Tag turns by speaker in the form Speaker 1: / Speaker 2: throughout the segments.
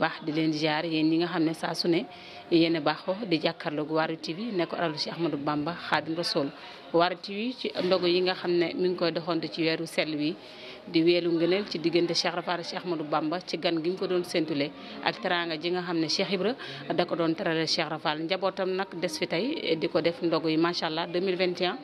Speaker 1: baax di leen ziar yéen ñi nga xam ne saa su yéen baaxoo di jàkkaarloog Waarwi TV ne ko alalu si Ahmadou Bamba Xaadim Rasool Waarwi TV ci ndogu yi nga xam ne mi ngi koy doxantu ci weeru sell wi di weelu ngëneel ci diggante Cheikh Rafara Cheikh Ahmadou Bamba ci gan gi mu ko doon séntule ak teraanga ji nga xam ne Cheikh Ibra da ko doon terale Cheikh Rafal njabootam nag des fi tey di def yi 2021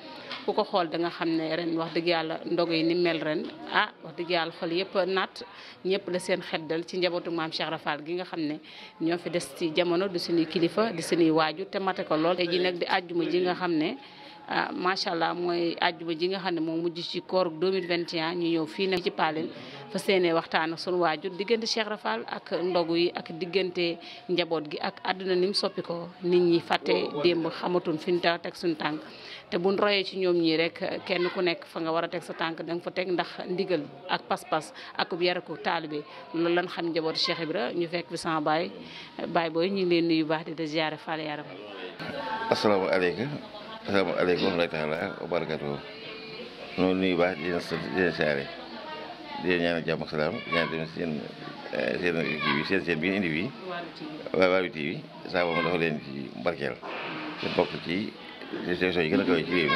Speaker 1: ku ko da nga xam ren wax dëgg yàlla ndogu yi ni mel ren ah wax dëgg yàlla xol yëpp naat ñëpp la seen xeddal ci njabootu maam Cheikh Rafal gi nga xam ne fi des ci jamono du kilifa di suñuy waajur te mate ko lool. tey ji nag di àjjuma ji nga xam ne ah, macha allah mooy àjjuma ji nga xam ne moom mujj ci vingt 2021 ñu ñëw fii nag ci Paline. fa seenee waxtaan ak sunu waajur diggante Cheikh Rafal ak ndogu yi ak diggante njaboot gi ak àdduna ni mu soppi ko nit ñi fàtte démb xamatuñ fi ñu taw teg suñu tànk te buñ royee ci ñoom ñi rek kenn ku nekk fa nga war a teg sa tànk danga fa teg ndax ndigal ak pas-pas ak yaraku taalibe loolu lan xam njaboot Cheikh Ibra ñu fekk bi sama baay baay booy ñu ngi leen nuyu baax di da ziyaare Fall yaram
Speaker 2: asalaamaaleykum asalaamaaleykum wa rahmatulah wa barakatuh noonu nuyu di leen ñaanal jàmm ak salaam di ñaan tamit seen eh, seen kii bi seen seen bi ngeen indi fii. Waarwi TV saa boobu dafa leen ci barkeel. te bokk ci émission yi a kawe bi yëpp eh,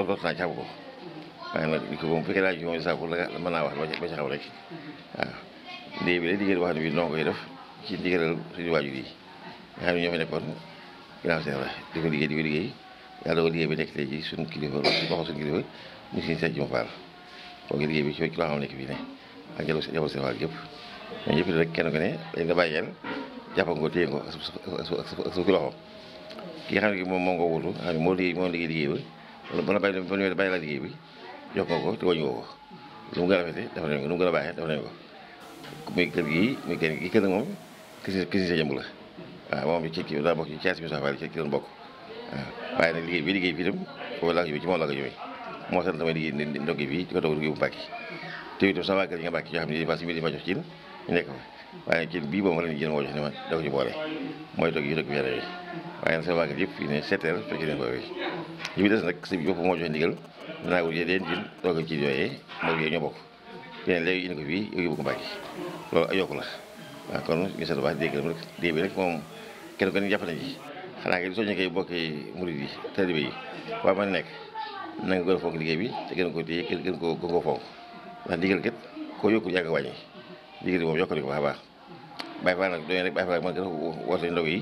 Speaker 2: ko. waaye ko moom fekkee laaj bi moom saako la mën naa wax ba ci xaw rek waaw léegi bi lay digal wax ne bii noo koy def ci ndigalal suñu waajur yi. nga xam ne ñoo fi nekkoon ginnaaw seen wax di ko liggéey di ko liggéey yàlla doo liggéey bi nekk léegi suñu kilifa loxo mu sa jum faal kooku nekk ne ak jël ko téye moom moom nga moo liggéey moom liggéey liggéey ba ba la bàyyi ba mu gën a rafetee def ko lu gën a baaxee def ko muy kër gii muy kër gi kër nag moom kisi kisi sa jëmb la waaw moom ci kii daa bokk ci caisse bi sax waaye ci doon bokk waaw waaye nag liggéey bi liggéey bi tam foofu laa ko yóbbu ci moom laa ko yóbbu moo tax damay bi di ko doog yóbbu sama kër yi nga Mbàkke yoo xam ne fas yi ma jox ci ñu nekk bii boobu ma leen jël moo jox ne ma da ko ci mooy dog yi dog bi yàlla yi waaye yëpp fii ne sept heures ko yooyu li mu des nag si bopp moo joxe ndigal dinaa wut yéen jin doog a ci yooyee moom yooyu ñoo bokk yeneen léegi indi ko fii yóbbu ko Mbàkke loolu ay yokku la waaw kon ñu seet baax dégg rek dégg rek moom kenn ko ne jàpp nañ ci xanaa kay soo ñëwee bokk murid yi taalibe yi waaye man nekk na nga gën liggéey bi te gën ko téye gën ko gën ko ndax ndigal kat koo yokku yàgg wàññi ndigal bi moom yokk nañ ko baax a fa nag doy rek bàyyi fa nag man gën a woote ndaw yi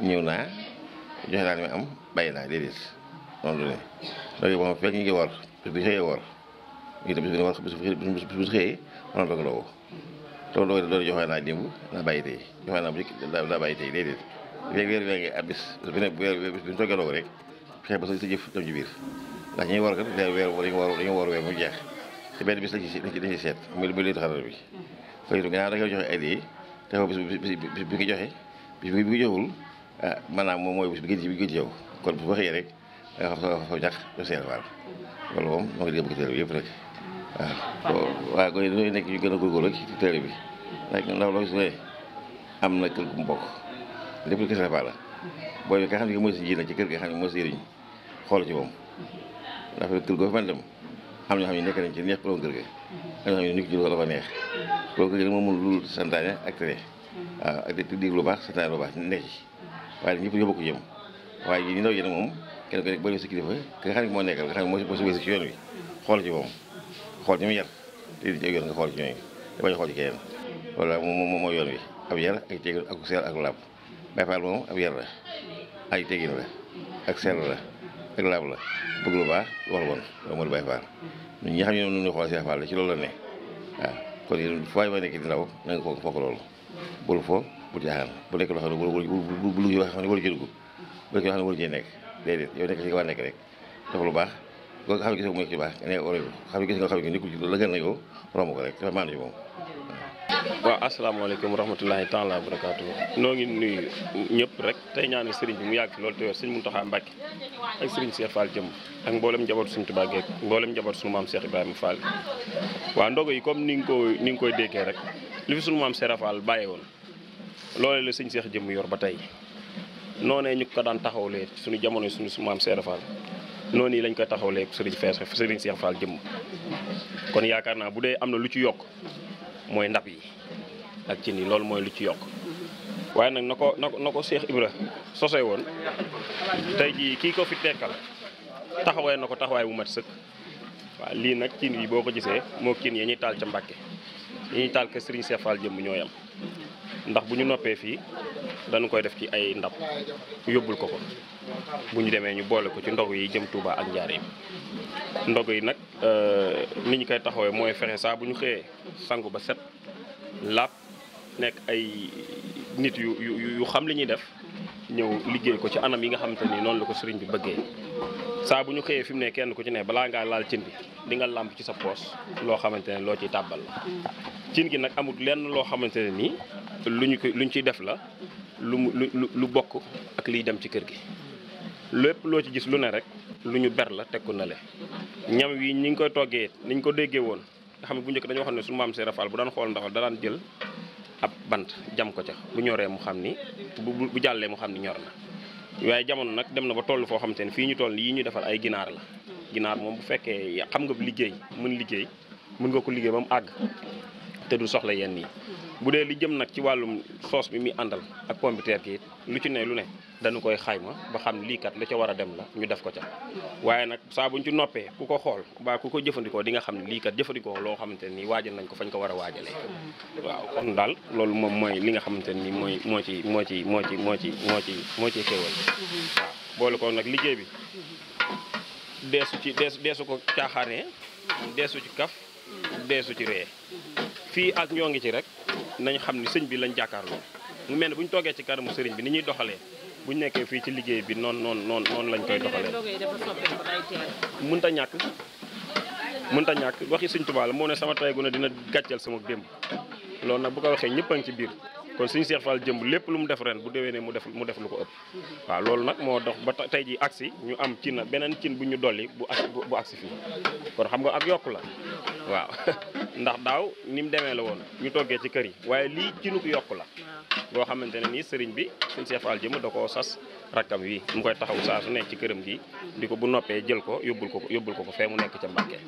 Speaker 2: ñëw yi moom fekk ñu ngi war bis bu xëyee war ñu bis bu ne war bis bu xëyee mën na bëgg loo loolu loolu joxoon naa démb la bàyyi tey joxoon naa bu njëkk la bàyyi tey déedéet léegi weer wi nga ab bis bu ne bis bi ñu toggee loolu rek fexe ba sa jëf dem war kat weer weer jeex te benn bis lañ ci dañ ci seet muy muy da nga joxe aide yi te bis bis bi nga joxe bis bi nga joxul ah maanaam moom mooy bis bi gën ci bi gën ci yow kon bu waxee rek da nga xam sa fa ñax do seet waal loolu moom moo ngi dégg bëgg yëpp rek waaw waaw koy dafay nekk ñu gën a góorgóorlu rek ci téere bi ndax ndaw loo gis am na kër gu mu bokk lépp kese la la xam ne mooy si ji na ci kër gi xam ne mooy si yëriñ xool ci moom ndax kër goo fi mën dem am ñoo xam ne nekk nañ ci neex borom kër ga am ñoo xam ne ñu ko jël ko dafa neex borom kër ga moom mënul ak tere waaw ak di dig baax santaane lu baax nekk ci waaye ñëpp ñoo bokk jëm waaye yi nag moom kenn ko nekk boo nga xam ne moo nekkal nga xam ne moo si weesu ci yoon wi xool ci moom xool ñu mu yar te di ci yoon nga xool ci ñooñu te bañ a xool ci keneen wala moom yoon wi ab yar ak teggin ak seel ak laab Baay Faal moom ab yar la ay teggin la ak seel la ak laab la bëgg lu baax wax woon loolu mooy Baay Faal ñun ñi xam ne ñoom ñu xool Seex Faal la ci loolu la ne waaw kon yéen fu waay ma nekk di ndaw na nga foog foog loolu bul fo bul jaaxal bu nekk loo xam ne bu lu yoo xam ne waru ci dugg bu nekk yoo xam ne waru cee nekk déedéet yow nekk ci nga war nekk rek lu baax loolu xam ne gis nga mooy ci baax ne ore xam ne gis nga xam ne nekkul ci la gën barakaatu noo ngi
Speaker 3: ñëpp rek tey ñaanal sëriñ bi mu yàgg fi loolu te wér sëriñ Muntaxa Mbàkke ak sëriñ Cheikh faal jëm ak mboolem njabootu suñu Tuubaa geek mboolem njabootu suñu maam Cheikh Ibrahima Fall waaw ndogo yi comme ni nga ko ni nga koy déggee rek li fi suñu maam Cheikh Fall bàyyi woon loolee la sëñ Cheikh jëm yor ba tey noonee ñu ko daan taxawlee suñu jamono suñu maam Cheikh Fall noni yi lañ koy taxawlee sëriñ fees sëriñ Cheikh Fall jëmm kon yaakaar naa bu dee am na lu ci yokk mooy ndab yi ak cin yi loolu mooy lu ci yokk waaye nag na ko Cheikh Ibra sose won tey jii kii ko fi tekkal taxawee na ko taxawaay bu mat sëkk waaw lii nag cin yi boo ko gisee moo cin yi ya ñuy taal ca Mbàkke yi ya Serigne Cheikh Fall am ndax bu ñu noppee fii koy def ci ay ndab yóbbul ko ko bu ñu demee ñu boole ko ci ndog yi jëm Touba ak Njaaréem ndog yi nag euh, ni ñu koy taxawee mooy fexe saa bu ñu xëyee sangu ba set làpp nekk ay nit yu yu xam li ñuy def ñëw liggéey ko ci anam yi nga xamante ni noonu la ko sëriñ bi bëggee saa bu ñu xëyee fi mu ne ku ci ne balaa ngaa laal bi di nga làmp ci sa poos loo xamante ne loo ciy tàbbal la cin gi nag amul lenn loo xamante ne nii lu ñu ko lu ciy def la lu lu lu bokk ak liy dem ci kër gi lépp loo ci gis lu ne rek lu ñu ber la teg ko na le ñam wi ñi ngi koy toggee niñ ko déggee woon xam bu njëkk dañoo xam suñu maam Seera Faal bu daan xool ndawal daan jël ab bant jam ko ca bu ñoree mu xam ni bu bu jàllee mu xam ni ñor na waaye jamono nag dem na ba toll foo xam te ñu toll yii ñu defal ay ginaar la ginaar moom bu fekkee ya, xam nga liggéey mën liggéey mën nga ko liggéey du soxla yenn yi bu li jëm ci bi ak gi lu ci lu Danu koy xayma ba xam lii kat la ca war a dem la ñu def ko ca buñ ci ku ko ba ku ko jëfandikoo di nga xam ne lii kat jëfandikoo loo xamante ni waajal nañ ko fañ ko war a waaw kon daal loolu moom mooy li nga xamante ni mooy moo ci moo ci moo ci moo ci moo ci moo ci xéewal waaw boole ko nag liggéey bi deesu ci deesu deesu ko caaxaanee deesu ci kaf ci ak ci rek nañ bi lañ mu mel ne bu ci bi ni ñuy bu ñu nekkee fii ci liggéey bi noonu noonu noonu noonu lañ koy doxalee. mënut a ñàkk mënut a ñàkk waxi Sëñ Tuubaa moo ne sama tey gu ne dina gàcceel sama démb loolu nag bu ko waxee ñëpp a ngi ci biir. kon suñu Cheikh Fall jëmb lépp lu mu def ren bu déwénee mu def mu def lu ko ëpp waaw loolu nag moo dox ba tey ji agsi ñu am cin na beneen cin bu ñu dolli bu bu agsi fii kon xam nga ak yokk la waaw ndax daaw ni mu demee la woon ñu toggee ci kër yi waaye lii cinu ko yokk la boo xamante ne nii sëriñ bi suñ Cheikh Fall jëm da koo sas rakkam wi mu koy taxaw saa su nekk ci këram gi di ko bu noppee jël ko yóbbul ko ko yóbbul ko ko fee mu nekk ca Mbàkke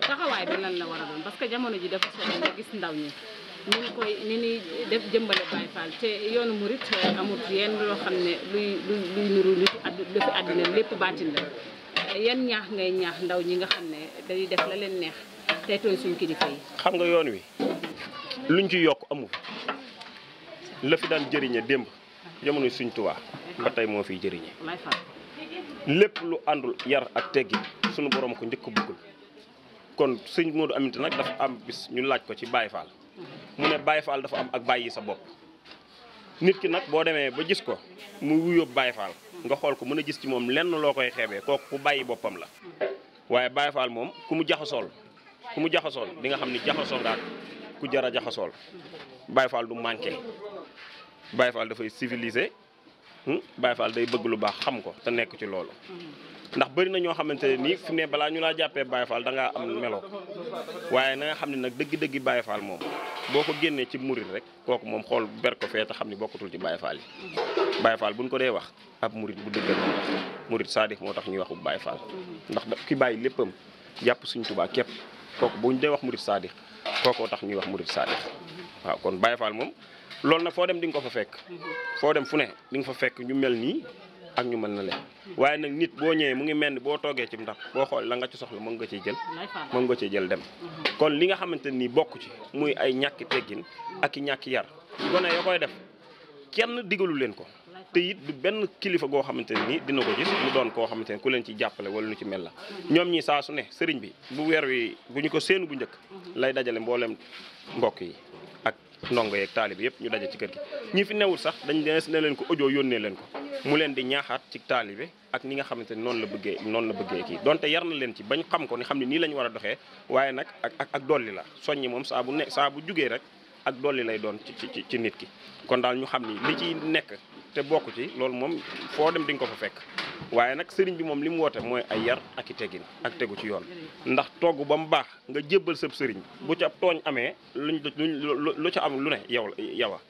Speaker 1: taxawaay bi lan la war a doon parce que jamono ji dafa soxla nga gis ndaw ñi ni ñu def jëmbale Baye Fall te yoonu murit eh, yenn loo xam ne luy luy luy nuru lu fi àddina lépp baatin la yan ñaax ngay ñaax ndaw ñi nga xam ne dañuy def la leen neex tey tooñ suñ kilifa yi
Speaker 3: xam nga yoon wi luñ ci yokk amu la fi daan jëriñe démb jamono suñ tubaa ba tey moo fiy jëriñe lépp lu àndul yar ak teggi suñu borom ko njëkk bëggul kon sëñ Modou Aminta nag dafa am bis ñu laaj ko ci Baye mu ne Baye Fall dafa am ak bàyyi sa bopp nit ki nag boo demee ba gis ko mu wuyoo Baye Fall nga xool ko mën a gis ci moom lenn loo koy xeebee kooku ku bàyyi boppam la waaye Baye Fall moom ku mu jaxasool ku mu jaxasool di nga xam ni jaxasoo nga ku jar a jaxasool Baye du manqué Baye Fall dafay civilisé hmm? Baye day bëgg lu baax xam ko te nekk ci loolu ndax bëri na ñoo xamante ne nii fu ne balaa ñu laa jàppee Baye Fall da ngaa am melo waaye na xam ne nag dëgg-dëggi Baye moom boo ko génnee ci murit rek kooku moom xool ber ko fee te xam ni bokkatul ci Baye Fall yi Baye bu buñ ko dee wax ab murit bu dëgga moo tax murit saadix moo tax ñu wax bu Baye Fall ndax ki bàyyi léppam jàpp suñu tubaa képp kooku bu ñu dee wax murid saadix kookoo tax ñuy wax murid saadix waaw kon Baye Fall moom loolu nag foo dem di nga ko fa fekk foo dem fu ne di nga fa fekk ñu mel nii ak ñu mel na leen waaye nag nit boo ñëwee mu ngi mel ni boo toogee ci ndax boo xool la nga ci soxla moom nga ciy jël moom nga ciy jël dem kon li nga xamante nii bokk ci muy ay ñàkki teggin ak i ñàkki yar gone ya koy def kenn digalu leen ko te it du benn kilifa goo xamante ne nii dina ko gis mu doon koo xamante ne ku leen ci jàppale wala lu ci mel la ñoom ñi saa su ne sëriñ bi bu weer wi bu ñu ko séenu bu njëkk lay dajale mbooleem mbokk yi ak ndongo yeeg taalibe yëpp ñu daje ci kër gi ñu fi newul sax dañ dees ne leen ko audio yónnee leen ko mu leen di ñaaxaat ci taalibe ak ni nga xamante ni noonu la bëggee noonu la bëggee kii donte yar na leen ci bañ xam ko ni xam ne nii la war a doxee waaye nag ak ak dolli la soññi moom saa bu ne saa bu jugee rek ak dolli lay doon ci ci ci nit ki kon daal ñu xam ni li ci nekk te bokk ci loolu moom foo dem di ko fa fekk waaye nag sëriñ bi moom li mu woote mooy ay yar ak i teggin ak tegu ci yoon ndax togg ba mu baax nga jëbbal sëb sëriñ bu ca tooñ amee luñ luñ lu ca am lu ne yow la yow